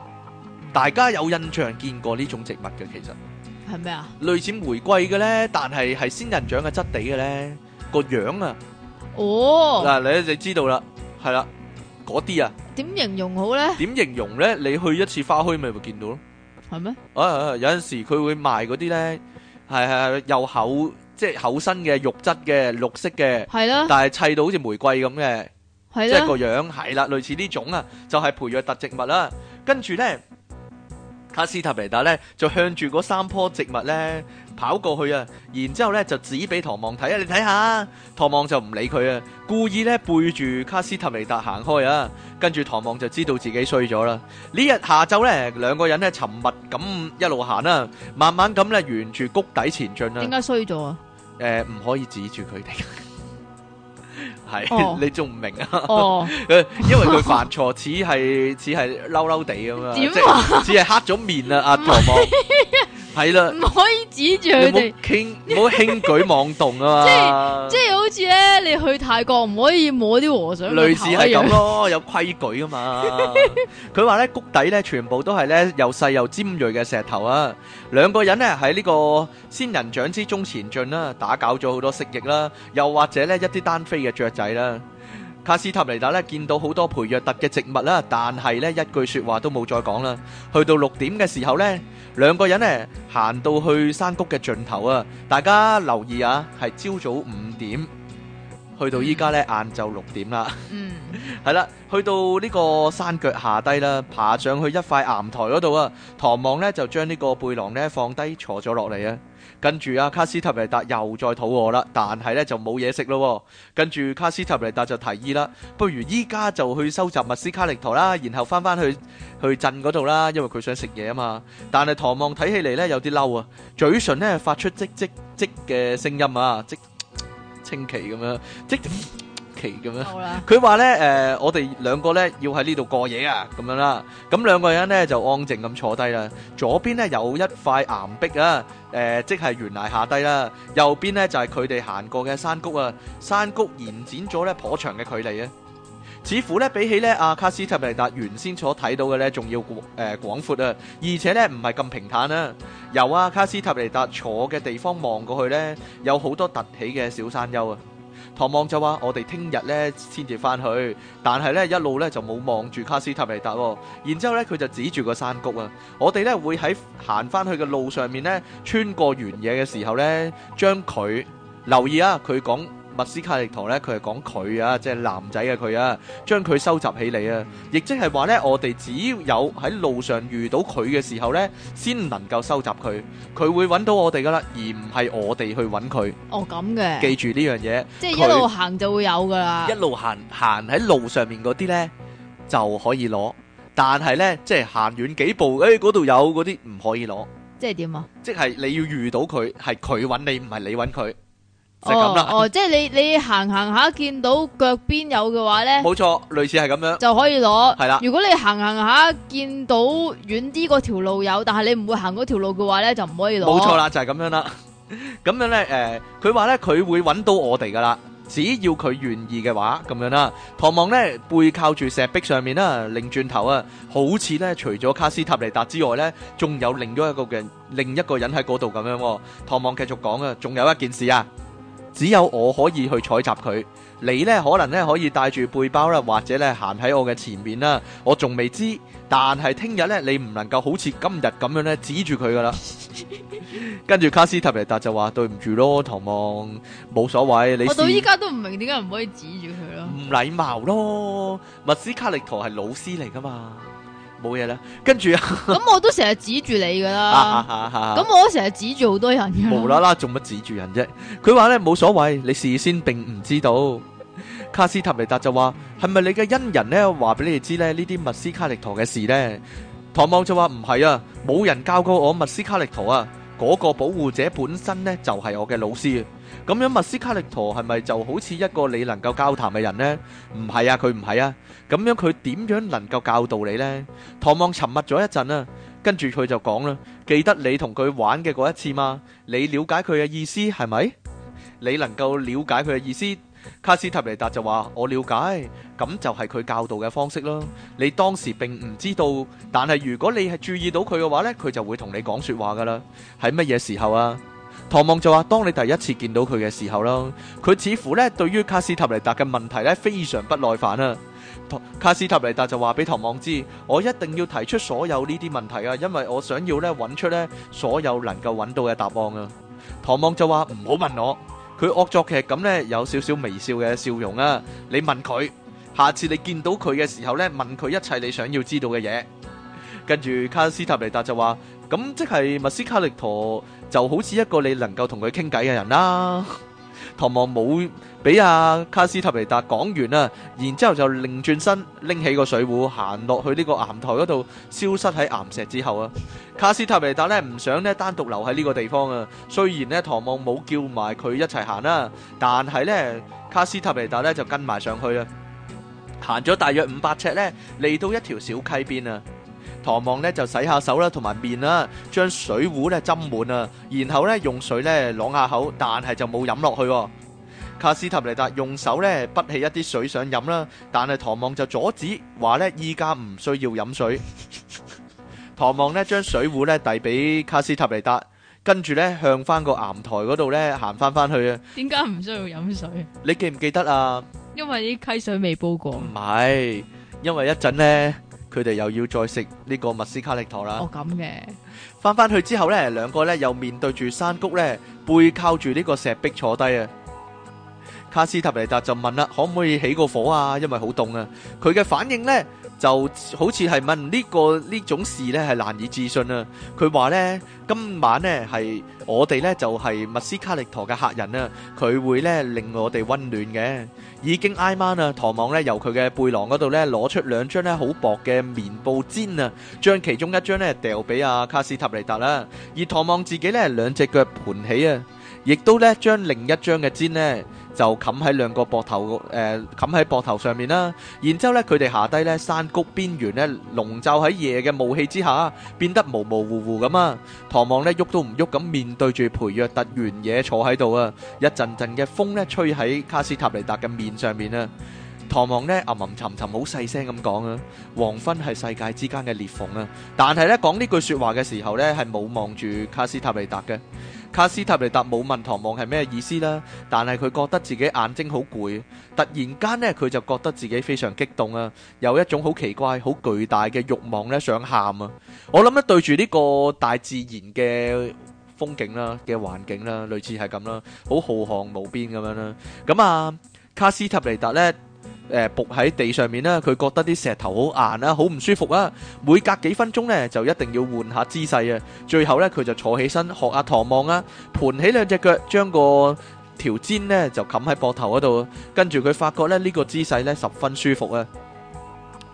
B: 大家有印象見過呢種植物嘅其實？係咩啊？類似玫瑰嘅咧，但係係仙人掌嘅質地嘅咧，個樣啊。哦。嗱，你你知道啦，係啦，嗰啲啊。
A: 點形容好咧？
B: 點形容咧？你去一次花墟咪會見到咯。係咩？啊啊！有陣時佢會賣嗰啲咧，係係係又厚，即係厚身嘅肉質嘅綠色嘅，係啦。但係砌到好似玫瑰咁嘅，
A: 即係個
B: 樣係啦，類似呢種啊，就係培育特植物啦。跟住咧。卡斯塔尼達咧就向住嗰三棵植物咧跑過去啊，然之後咧就指俾唐望睇啊，你睇下，唐望就唔理佢啊，故意咧背住卡斯塔尼達行開啊，跟住唐望就知道自己衰咗啦。呢日下晝咧，兩個人咧沉默咁一路行啊，慢慢咁咧沿住谷底前進啊。點解衰咗啊？誒、呃，唔可以指住佢哋。 係， 你仲唔明 啊？因為佢犯錯，似係似係嬲嬲地咁啊，即似係黑咗面啦，阿婆婆。 係啦，唔
A: 可以指住佢
B: 哋，唔好輕舉妄動啊！ 即係
A: 即係，好似咧，你去泰國唔可以摸啲和尚。類似係咁咯，
B: 有規矩噶嘛。佢話咧谷底咧全部都係咧又細又尖銳嘅石頭啊！兩個人咧喺呢個仙人掌之中前進啦，打攪咗好多蜥蜴啦，又或者咧一啲單飛嘅雀仔啦。卡斯塔尼達咧見到好多培約特嘅植物啦，但係咧一句說話都冇再講啦。去到六點嘅時候咧，兩個人咧行到去山谷嘅盡頭啊！大家留意啊，係朝早五點，去到依家咧晏晝六點啦。嗯，係啦，去到呢個山腳下低啦，爬上去一塊岩台嗰度啊，唐望咧就將呢個背囊咧放低，坐咗落嚟啊。跟住阿卡斯塔尼達又再肚餓啦，但係咧就冇嘢食咯。跟住卡斯塔尼達就提議啦，不如依家就去收集麥斯卡力陀啦，然後翻翻去去鎮嗰度啦，因為佢想食嘢啊嘛。但係唐望睇起嚟咧有啲嬲啊，嘴唇咧發出唧唧唧嘅聲音啊，唧清奇咁樣，唧。奇咁樣，佢話咧，誒、呃，我哋兩個咧要喺呢度過夜啊，咁樣啦，咁兩個人呢就安靜咁坐低啦。左邊呢有一塊岩壁啊，誒、呃，即係懸崖下低啦、啊。右邊呢就係佢哋行過嘅山谷啊，山谷延展咗呢頗長嘅距離啊，似乎呢比起呢阿卡斯塔尼達原先所睇到嘅呢仲要誒廣闊啊，而且呢唔係咁平坦啊。由阿、啊、卡斯塔尼達坐嘅地方望過去呢，有好多凸起嘅小山丘啊。唐望就話：我哋聽日咧先至翻去，但係咧一路咧就冇望住卡斯塔尼達喎。然之後咧，佢就指住個山谷啊！我哋咧會喺行翻去嘅路上面咧，穿過原野嘅時候咧，將佢留意啊！佢講。麥斯卡力陀咧，佢係講佢啊，即係男仔嘅佢啊，將佢收集起嚟啊，亦即係話咧，我哋只有喺路上遇到佢嘅時候咧，先能夠收集佢，佢會揾到我哋噶啦，而唔係我哋去揾佢。
A: 哦，咁嘅，記
B: 住呢樣嘢，即係是 他一路
A: 行就會有噶啦，一路
B: 行行喺路上面嗰啲咧就可以攞，但係咧即係行遠幾步，誒、哎，嗰度有嗰啲唔可以攞，
A: 即係點啊？即係
B: 你要遇到佢，係佢揾你，唔係你揾佢。哦,哦
A: 即係你你行行下見到腳邊有嘅話呢？冇錯，
B: 類似係咁樣就可
A: 以攞。係啦，如果你行行下見到遠啲嗰條路有，但係你唔會行嗰條路嘅話呢，就唔可以攞。冇錯啦，就係、
B: 是、咁樣啦。咁 樣呢，誒、呃，佢話呢，佢會揾到我哋噶啦，只要佢願意嘅話，咁樣啦。唐望呢，背靠住石壁上面啦，擰轉頭啊，好似呢，除咗卡斯塔尼達之外呢，仲有另一一個嘅另一個人喺嗰度咁樣。唐望繼續講啊，仲有一件事啊。只有我可以去採集佢，你呢，可能呢，可以帶住背包啦，或者呢，行喺我嘅前面啦。我仲未知，但係聽日呢，你唔能夠好似今日咁樣呢，指住佢噶啦。跟住卡斯特雷達就話： 對唔住咯，唐望，冇所謂。你我到依家
A: 都唔明點解唔可以指住佢咯。唔
B: 禮貌咯，麥斯卡力陀係老師嚟噶嘛？冇嘢啦，跟住呀，咁
A: 我都成日指住你噶啦，
B: 咁我
A: 都成日指住好多人嘅，無
B: 啦啦做乜指住人啫？佢話咧，冇所謂，你事先並唔知道。卡斯塔尼達就話，係咪你嘅恩人咧？話俾你哋知咧，呢啲麥斯卡力陀嘅事呢。唐望就話，唔係啊，冇人教過我麥斯卡力陀啊，嗰個保護者本身咧就係我嘅老師。咁樣，麥斯卡力陀係咪就好似一個你能夠交談嘅人呢？唔係啊，佢唔係啊。咁樣佢點樣能夠教導你呢？唐望沉默咗一陣啊，跟住佢就講啦：記得你同佢玩嘅嗰一次嘛？你了解佢嘅意思係咪？你能夠了解佢嘅意思？卡斯塔尼達就話：我了解。咁就係佢教導嘅方式囉。你當時並唔知道，但係如果你係注意到佢嘅話呢，佢就會同你講說話噶啦。喺乜嘢時候啊？唐望就話：當你第一次見到佢嘅時候啦，佢似乎咧對於卡斯塔尼達嘅問題咧非常不耐煩啊。卡斯塔尼達就話俾唐望知：我一定要提出所有呢啲問題啊，因為我想要咧揾出咧所有能夠揾到嘅答案啊。唐望就話：唔好問我，佢惡作劇咁咧有少少微笑嘅笑容啊。你問佢，下次你見到佢嘅時候咧問佢一切你想要知道嘅嘢。跟住卡斯塔尼達就話：咁即係麥斯卡力陀。就好似一個你能夠同佢傾偈嘅人啦。 唐望冇俾阿卡斯塔尼達講完啦，然之後就擰轉身拎起個水壺行落去呢個岩台嗰度，消失喺岩石之後啊。卡斯塔尼達呢唔想咧單獨留喺呢個地方啊，雖然咧唐望冇叫埋佢一齊行啊，但係呢，卡斯塔尼達呢就跟埋上去啊。行咗大約五百尺呢，嚟到一條小溪邊啊。唐望咧就洗下手啦，同埋面啦，將水壺咧斟滿啊，然後咧用水咧啷下口，但係就冇飲落去。卡斯塔尼達用手咧潷起一啲水想飲啦，但係唐望就阻止，話咧依家唔需要飲水。唐望咧將水壺咧遞俾卡斯塔尼達，跟住咧向翻個岩台嗰度咧行翻翻去啊。點
A: 解唔需要飲水？
B: 你記唔記得啊？
A: 因為啲溪水未煲過。
B: 唔係，因為一陣咧。佢哋又要再食呢個麥斯卡力陀啦。哦，咁嘅。翻翻去之後咧，兩個咧又面對住山谷咧，背靠住呢個石壁坐低啊。卡斯塔尼達就問啦：可唔可以起個火啊？因為好凍啊。佢嘅反應咧。就好似係問呢個呢種事呢係難以置信啊！佢話呢，今晚呢，係我哋呢，就係、係、麥斯卡力陀嘅客人啊！佢會呢，令我哋温暖嘅。已經挨晚啊，唐望呢，由佢嘅背囊嗰度呢，攞出兩張呢好薄嘅棉布墊啊，將其中一張呢掉俾阿卡斯塔尼達啦，而唐望自己呢，兩隻腳盤起啊。亦都咧，將另一張嘅氈呢，就冚喺兩個膊頭，誒、呃，冚喺膊頭上面啦。然之後咧，佢哋下低呢山谷邊緣呢，籠罩喺夜嘅霧氣之下，變得模模糊糊咁啊。唐望呢，喐都唔喐咁面對住培若特原野坐喺度啊。一陣陣嘅風呢，吹喺卡斯塔尼達嘅面上面啊。唐望呢，吟吟沉沉，好細聲咁講啊。黃昏係世界之間嘅裂縫啊。但係呢，講呢句說話嘅時候呢，係冇望住卡斯塔尼達嘅。卡斯塔尼達冇問唐望係咩意思啦，但係佢覺得自己眼睛好攰，突然間呢，佢就覺得自己非常激動啊，有一種好奇怪、好巨大嘅欲望咧，想喊啊！我諗咧對住呢個大自然嘅風景啦、嘅環境啦，類似係咁啦，好浩瀚無邊咁樣啦。咁啊，卡斯塔尼達呢。誒伏喺地上面咧，佢覺得啲石頭好硬啊，好唔舒服啊！每隔幾分鐘呢，就一定要換下姿勢啊！最後呢，佢就坐起身，學阿唐望啊，盤起兩隻腳，將個條氈呢就冚喺膊頭嗰度，跟住佢發覺咧，呢個姿勢呢十分舒服啊！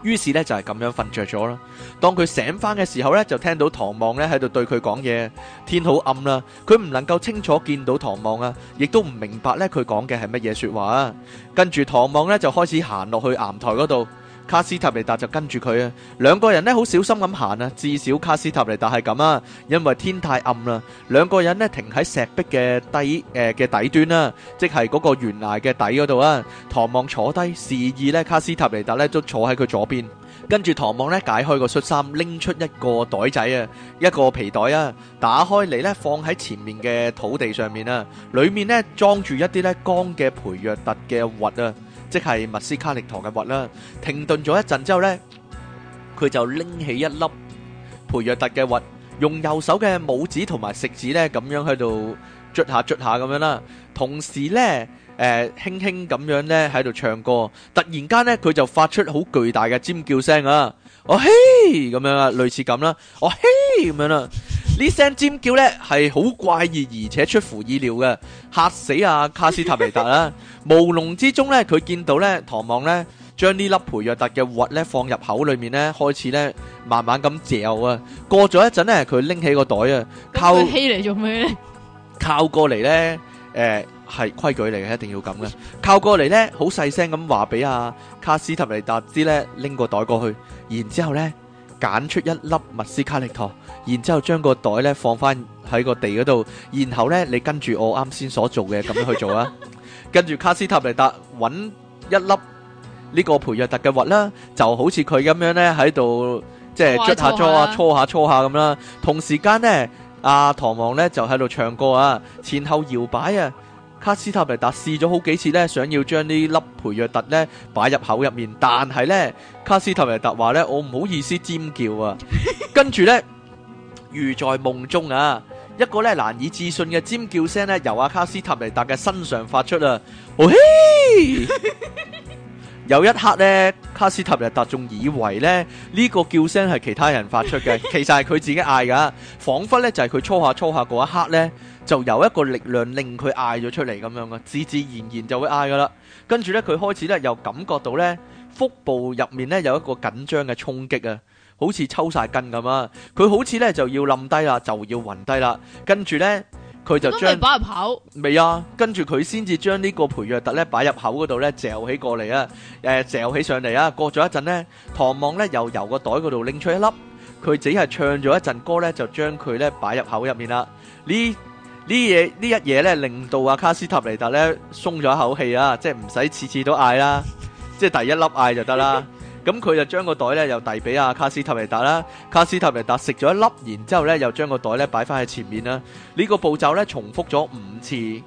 B: 於是咧就係咁樣瞓着咗啦。當佢醒翻嘅時候咧，就聽到唐望咧喺度對佢講嘢。天好暗啦，佢唔能夠清楚見到唐望啊，亦都唔明白咧佢講嘅係乜嘢説話啊。跟住唐望咧就開始行落去岩台嗰度。卡斯塔尼達就跟住佢啊，兩個人呢好小心咁行啊，至少卡斯塔尼達係咁啊，因為天太暗啦。兩個人呢停喺石壁嘅底，誒嘅、呃、底端啦，即係嗰個懸崖嘅底嗰度啊。唐望坐低，示意呢卡斯塔尼達呢都坐喺佢左邊。跟住唐望呢解開個恤衫，拎出一個袋仔啊，一個皮袋啊，打開嚟呢放喺前面嘅土地上面啊，裏面呢裝住一啲呢乾嘅培約特嘅核啊。即係麥斯卡力陀嘅核啦，停頓咗一陣之後咧，佢就拎起一粒培約特嘅核，用右手嘅拇指同埋食指咧咁樣喺度捽下捽下咁樣啦，同時咧誒輕輕咁樣咧喺度唱歌，突然間咧佢就發出好巨大嘅尖叫聲啊！哦嘿咁樣啊，類似咁啦，哦嘿咁樣啦。呢聲尖叫咧係好怪異，而且出乎意料嘅，嚇死阿卡斯塔尼達啦！朦朧之中咧，佢見到咧，唐望咧將呢粒培若達嘅核咧放入口裏面咧，開始咧慢慢咁嚼啊！過咗一陣咧，佢拎起個袋啊，靠過嚟做咩咧？靠過嚟咧，誒係規矩嚟嘅，一定要咁嘅。靠過嚟咧，好細聲咁話俾阿卡斯塔尼達知咧，拎個袋過去，然之後咧。揀出一粒麥斯卡力陀，然之後將個袋呢放翻喺個地嗰度，然後呢，你跟住我啱先所做嘅咁樣去做啊！ 跟住卡斯塔尼達揾一粒呢個培約特嘅核啦，就好似佢咁樣呢喺度即係捽下捽下、搓下搓下咁啦。同時間呢，阿、啊、唐王呢就喺度唱歌啊，前後搖擺啊！卡斯塔尼達試咗好幾次咧，想要將呢粒培若特咧擺入口入面，但係咧卡斯塔尼達話咧，我唔好意思尖叫啊。跟住咧，如在夢中啊，一個咧難以置信嘅尖叫聲咧，由阿、啊、卡斯塔尼達嘅身上發出啊。哦嘿， 有一刻咧，卡斯塔尼達仲以為咧呢、這個叫聲係其他人發出嘅，其實係佢自己嗌噶、啊，仿佛咧就係佢操下操下嗰一刻咧。就有一個力量令佢嗌咗出嚟咁樣嘅，自自然然就會嗌噶啦。跟住咧，佢開始咧又感覺到咧腹部入面咧有一個緊張嘅衝擊啊，好似抽晒筋咁啊！佢好似咧就要冧低啦，就要暈低啦。跟住咧，佢就將擺入口，未啊？跟住佢先至將呢個培若特咧擺入口嗰度咧嚼起過嚟啊！誒、呃、嚼起上嚟啊！過咗一陣咧，唐望咧又由個袋嗰度拎出一粒，佢只係唱咗一陣歌咧，就將佢咧擺入口入面啦。呢呢嘢呢一嘢咧，令到阿卡斯塔尼達咧鬆咗一口氣啊！即係唔使次次都嗌啦，即係第一粒嗌就得啦。咁佢 就將個袋咧又遞俾阿卡斯塔尼達啦。卡斯塔尼達食咗一粒，然之後咧又將個袋咧擺翻喺前面啦。呢、這個步驟咧重複咗五次。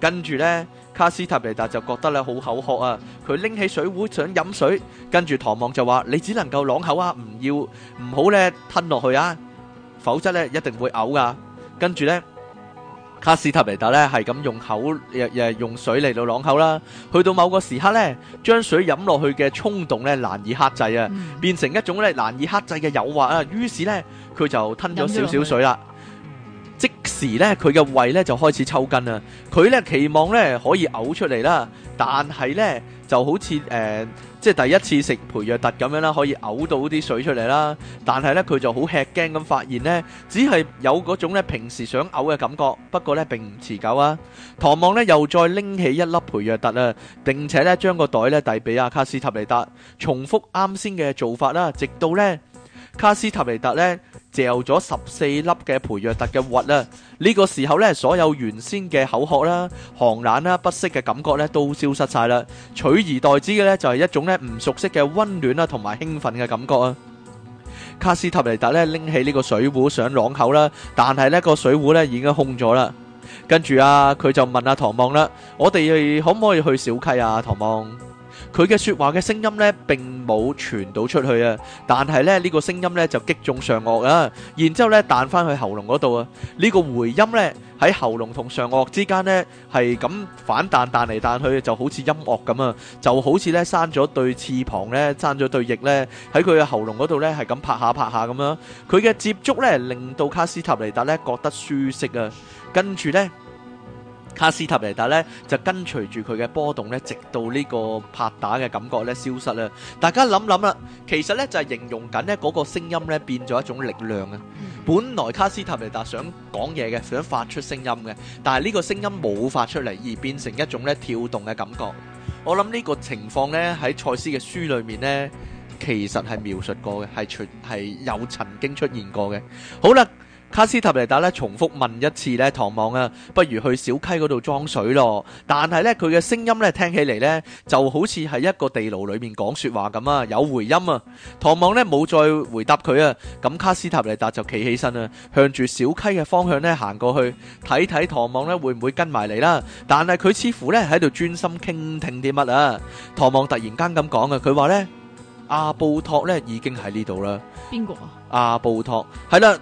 B: 跟住呢，卡斯塔尼達就覺得咧好口渴啊！佢拎起水壺想飲水，跟住唐望就話：你只能夠啷口啊，唔要唔好咧吞落去啊，否則咧一定會嘔噶。跟住呢。卡斯塔尼達咧係咁用口，又、呃、又用水嚟到朗口啦。去到某個時刻呢，將水飲落去嘅衝動呢，難以克制啊，嗯、變成一種呢難以克制嘅誘惑啊。於是呢，佢就吞咗少少水啦。即時呢，佢嘅胃呢，就開始抽筋啦。佢呢，期望呢，可以嘔出嚟啦，但係呢，就好似誒。呃即係第一次食培若特咁樣啦，可以嘔到啲水出嚟啦。但係呢，佢就好吃驚咁發現呢，只係有嗰種呢平時想嘔嘅感覺，不過呢並唔持久啊。唐望呢又再拎起一粒培若特啊，並且呢將個袋呢遞俾阿卡斯塔利達，重複啱先嘅做法啦，直到呢。卡斯塔尼特咧嚼咗十四粒嘅培若特嘅核啦，呢、這個時候咧所有原先嘅口渴啦、寒冷啦、不適嘅感覺咧都消失晒啦，取而代之嘅咧就係一種咧唔熟悉嘅溫暖啦同埋興奮嘅感覺啊！卡斯塔尼達咧拎起呢個水壺上朗口啦，但係咧個水壺咧已經空咗啦。跟住啊，佢就問阿、啊、唐望啦：我哋可唔可以去小溪啊？唐望。佢嘅説話嘅聲音呢並冇傳到出去啊，但係咧呢個聲音呢就擊中上顎啊，然之後呢彈翻去喉嚨嗰度啊，呢個回音呢喺喉嚨同上顎之間呢係咁反彈彈嚟彈去，就好似音樂咁啊，就好似呢生咗對翅膀呢，撐咗對翼呢，喺佢嘅喉嚨嗰度呢係咁拍下拍下咁樣，佢嘅接觸呢令到卡斯塔尼達呢覺得舒適啊，跟住呢。卡斯塔尼達咧就跟隨住佢嘅波動咧，直到呢個拍打嘅感覺咧消失啦。大家諗諗啦，其實咧就係、是、形容緊呢嗰個聲音咧變咗一種力量啊。本來卡斯塔尼達想講嘢嘅，想發出聲音嘅，但係呢個聲音冇發出嚟，而變成一種咧跳動嘅感覺。我諗呢個情況咧喺賽斯嘅書裏面咧，其實係描述過嘅，係全係有曾經出現過嘅。好啦。卡斯塔尼達咧重複問一次咧，唐望啊，不如去小溪嗰度裝水咯。但係咧佢嘅聲音咧聽起嚟，咧就好似係一個地牢裏面講說話咁啊，有回音啊。唐望咧冇再回答佢啊，咁卡斯塔尼達就企起身啊，向住小溪嘅方向咧行過去，睇睇唐望咧會唔會跟埋嚟啦？但係佢似乎咧喺度專心傾聽啲乜啊。唐望突然間咁講嘅，佢話咧阿布托咧已經喺呢度啦。邊個啊？阿布托係啦，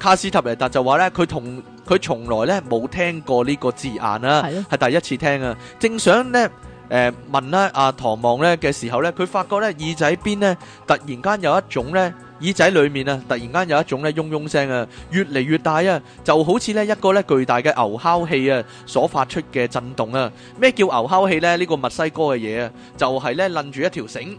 B: 卡斯塔尼達就話咧，佢同佢從來咧冇聽過呢個字眼啦，係第一次聽啊！正想咧，誒問咧，阿唐望咧嘅時候咧，佢發覺咧耳仔邊咧突然間有一種咧耳仔裏面啊，突然間有一種咧嗡嗡聲啊，越嚟越大啊，就好似咧一個咧巨大嘅牛吼器啊所發出嘅震動啊！咩叫牛吼器咧？呢個墨西哥嘅嘢啊，就係咧掄住一條繩。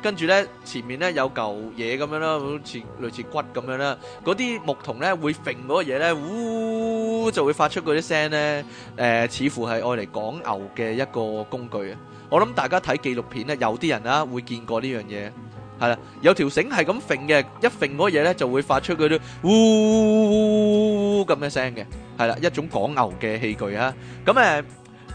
B: 跟住咧，前面咧有嚿嘢咁樣啦，好似類似骨咁樣啦，嗰啲牧童咧會揈嗰個嘢咧，呼就會發出嗰啲聲咧，誒似乎係愛嚟講牛嘅一個工具啊！我諗大家睇紀錄片咧，有啲人啦會見過呢樣嘢，係啦，有條繩係咁揈嘅，一揈嗰嘢咧就會發出嗰啲呼咁嘅聲嘅，係啦，一種講牛嘅器具啊！咁誒。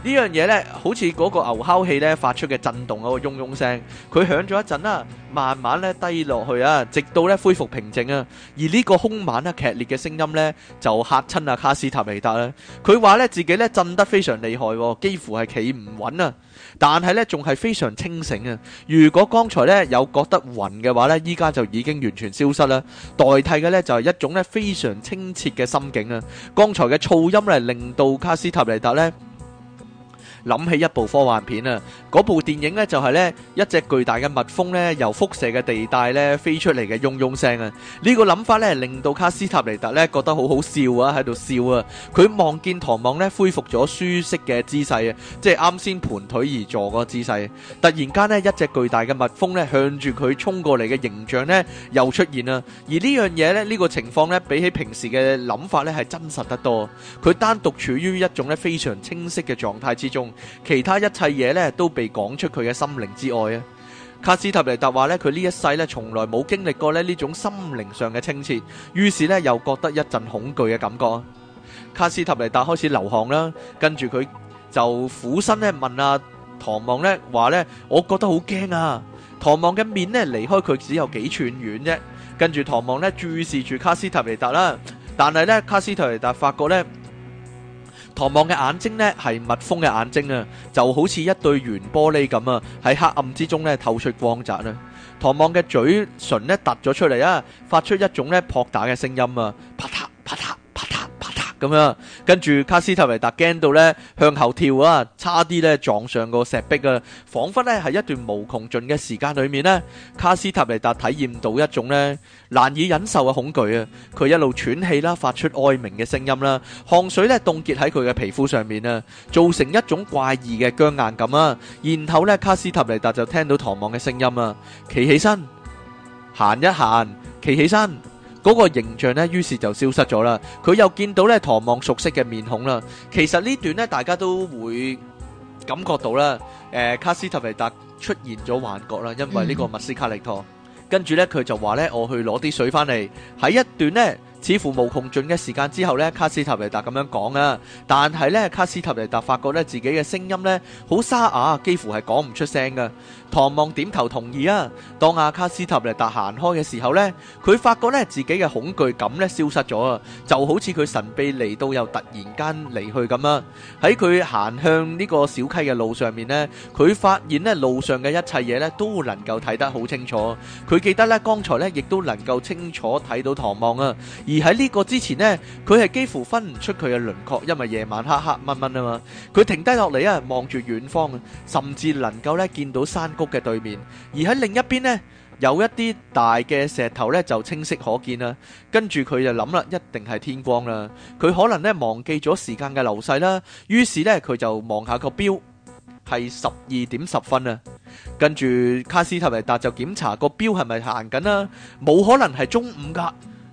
B: 呢樣嘢呢，好似嗰個牛敲器呢發出嘅震動嗰個嗡嗡聲，佢響咗一陣啦，慢慢咧低落去啊，直到咧恢復平靜啊。而呢個凶猛啊、劇烈嘅聲音呢，就嚇親阿卡斯塔尼達啦。佢話呢，自己呢震得非常厲害，幾乎係企唔穩啊。但係呢，仲係非常清醒啊。如果剛才呢有覺得暈嘅話呢，依家就已經完全消失啦。代替嘅呢，就係一種呢非常清澈嘅心境啊。剛才嘅噪音咧令到卡斯塔尼達呢，諗起一部科幻片啊！嗰部電影呢就係呢一隻巨大嘅蜜蜂呢，由輻射嘅地帶呢飛出嚟嘅嗡嗡聲啊！呢個諗法呢，令到卡斯塔尼達呢覺得好好笑啊！喺度笑啊！佢望見唐望呢恢復咗舒適嘅姿勢啊！即係啱先盤腿而坐個姿勢。突然間呢一隻巨大嘅蜜蜂呢，向住佢衝過嚟嘅形象呢又出現啦！而呢樣嘢呢，呢個情況呢，比起平時嘅諗法呢，係真實得多。佢單獨處於一種呢非常清晰嘅狀態之中。其他一切嘢咧都被講出佢嘅心靈之外啊！卡斯塔尼達話咧，佢呢一世咧從來冇經歷過咧呢種心靈上嘅清澈，於是咧又覺得一陣恐懼嘅感覺。卡斯塔尼達開始流汗啦，跟住佢就俯身咧問阿唐望呢話呢，我覺得好驚啊！唐望嘅面咧離開佢只有幾寸遠啫，跟住唐望呢，注視住卡斯塔尼達啦，但係呢，卡斯塔尼達發覺呢。唐望嘅眼睛咧係蜜蜂嘅眼睛啊，就好似一對圓玻璃咁啊，喺黑暗之中咧透出光澤啦。唐望嘅嘴唇咧凸咗出嚟啊，發出一種咧撲打嘅聲音啊，啪嗒啪嗒。啪啪咁樣，跟住卡斯塔維達驚到咧，向後跳啊，差啲咧撞上個石壁啊，仿佛咧係一段無窮盡嘅時間裏面咧，卡斯塔維達體驗到一種咧難以忍受嘅恐懼啊！佢一路喘氣啦，發出哀鳴嘅聲音啦，汗水咧凍結喺佢嘅皮膚上面啊，造成一種怪異嘅僵硬感啊！然後咧，卡斯塔維達就聽到唐望嘅聲音啊，企起身，行一行，企起身。嗰個形象咧，於是就消失咗啦。佢又見到咧，唐望熟悉嘅面孔啦。其實段呢段咧，大家都會感覺到啦。誒、呃，卡斯特維達出現咗幻覺啦，因為呢個麥斯卡力陀。跟住咧，佢就話咧，我去攞啲水翻嚟。喺一段呢，似乎無窮盡嘅時間之後呢，卡斯提雷達咁樣講啊。但係呢，卡斯提雷達發覺呢自己嘅聲音呢好沙啞，幾乎係講唔出聲嘅。唐望點頭同意啊。當阿卡斯提雷達行開嘅時候呢，佢發覺呢自己嘅恐懼感呢消失咗啊，就好似佢神秘嚟到又突然間離去咁啊。喺佢行向呢個小溪嘅路上面呢，佢發現呢路上嘅一切嘢呢都能夠睇得好清楚。佢記得呢，剛才呢亦都能夠清楚睇到唐望啊。而喺呢個之前咧，佢係幾乎分唔出佢嘅輪廓，因為夜晚黑黑蚊蚊啊嘛。佢停低落嚟啊，望住遠方啊，甚至能夠咧見到山谷嘅對面。而喺另一邊咧，有一啲大嘅石頭咧就清晰可見啦。跟住佢就諗啦，一定係天光啦。佢可能咧忘記咗時間嘅流逝啦。於是咧，佢就望下個表，係十二點十分啊。跟住卡斯特維達就檢查個表係咪行緊啦？冇可能係中午噶。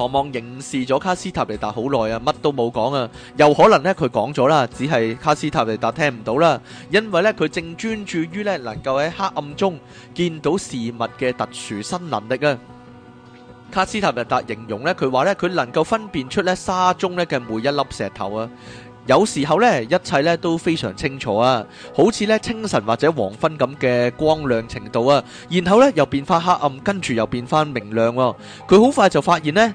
B: 唐望凝視咗卡斯塔尼達好耐啊，乜都冇講啊，又可能咧佢講咗啦，只係卡斯塔尼達聽唔到啦，因為咧佢正專注於咧能夠喺黑暗中見到事物嘅特殊新能力啊。卡斯塔尼達形容咧，佢話咧佢能夠分辨出咧沙中咧嘅每一粒石頭啊，有時候咧一切咧都非常清楚啊，好似咧清晨或者黃昏咁嘅光亮程度啊，然後咧又變翻黑暗，跟住又變翻明亮喎，佢好快就發現咧。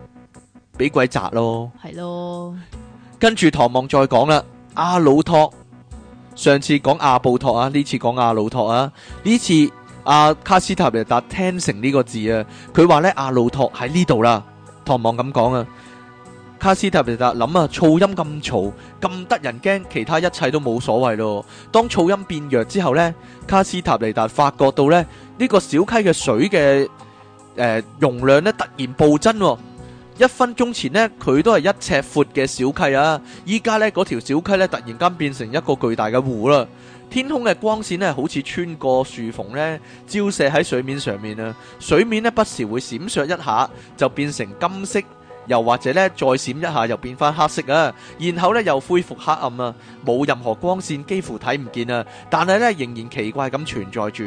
B: 俾鬼砸咯，係咯，跟住唐望再講啦。阿魯托上次講阿布托啊，呢次講阿魯托啊，呢次阿卡斯塔尼達聽成呢個字啊，佢話咧阿魯托喺呢度啦。唐望咁講啊，卡斯塔尼達諗啊，噪音咁嘈咁得人驚，其他一切都冇所謂咯。當噪音變弱之後咧，卡斯塔尼達發覺到咧呢個小溪嘅水嘅誒容量咧突然暴增喎。一分鐘前呢佢都係一尺闊嘅小溪啊！依家呢嗰條小溪呢，突然間變成一個巨大嘅湖啦。天空嘅光線呢，好似穿過樹縫呢，照射喺水面上面啊！水面呢，不時會閃爍一下，就變成金色，又或者呢，再閃一下，又變翻黑色啊！然後呢，又恢復黑暗啊，冇任何光線，幾乎睇唔見啊！但係呢，仍然奇怪咁存在住。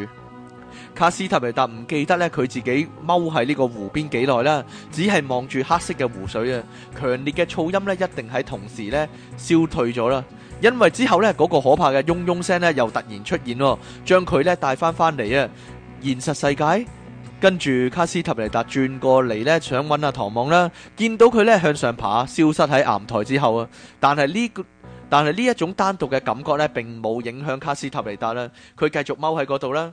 B: 卡斯塔尼達唔記得咧，佢自己踎喺呢個湖邊幾耐啦，只係望住黑色嘅湖水啊！強烈嘅噪音咧，一定喺同時咧消退咗啦，因為之後呢，嗰個可怕嘅嗡嗡聲咧又突然出現咯，將佢咧帶翻翻嚟啊！現實世界，跟住卡斯塔尼達轉過嚟咧，想揾阿唐望啦，見到佢咧向上爬，消失喺岩台之後啊！但係呢、呢個、但係呢一種單獨嘅感覺咧，並冇影響卡斯塔尼達啦，佢繼續踎喺嗰度啦。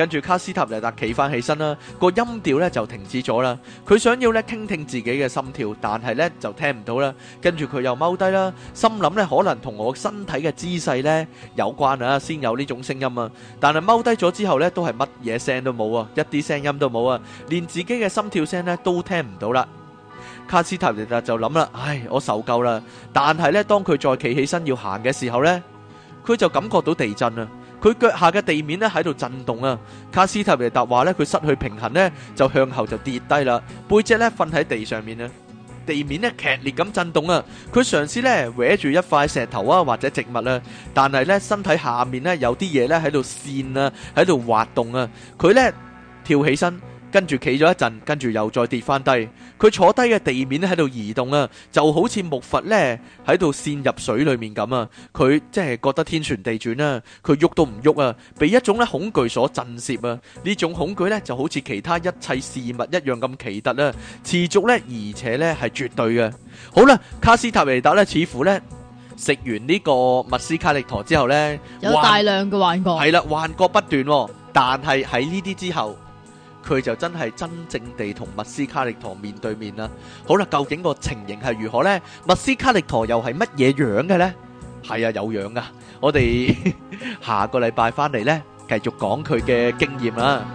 B: 跟住卡斯塔尼達企翻起身啦，個音調咧就停止咗啦。佢想要咧傾聽自己嘅心跳，但係咧就聽唔到啦。跟住佢又踎低啦，心諗咧可能同我身體嘅姿勢咧有關啊，先有呢種聲音啊。但係踎低咗之後咧，都係乜嘢聲都冇啊，一啲聲音都冇啊，連自己嘅心跳聲咧都聽唔到啦。卡斯塔尼達就諗啦，唉，我受夠啦。但係咧，當佢再企起身要行嘅時候咧，佢就感覺到地震啦。佢腳下嘅地面咧喺度震動啊！卡斯特維達話咧佢失去平衡咧就向後就跌低啦，背脊咧瞓喺地上面啊！地面咧劇烈咁震動啊！佢嘗試咧搲住一塊石頭啊或者植物啊，但係咧身體下面咧有啲嘢咧喺度扇啊喺度滑動啊！佢咧跳起身。.跟住企咗一陣，跟住又再跌翻低。佢坐低嘅地面咧喺度移動啦，就好似木筏咧喺度陷入水裏面咁啊！佢即係覺得天旋地轉啦，佢喐都唔喐啊！被一種咧恐懼所震懾啊！呢種恐懼咧就好似其他一切事物一樣咁奇特啦，持續咧而且咧係絕對嘅。好啦，卡斯塔尼達咧似乎咧食完呢個麥斯卡力陀之後咧，有大
A: 量嘅幻覺。
B: 係啦，幻覺不斷，但係喺呢啲之後。佢就真係真正地同麥斯卡力陀面對面啦。好啦，究竟個情形係如何呢？麥斯卡力陀又係乜嘢樣嘅呢？係啊，有樣噶。我哋下個禮拜翻嚟呢，繼續講佢嘅經驗啦。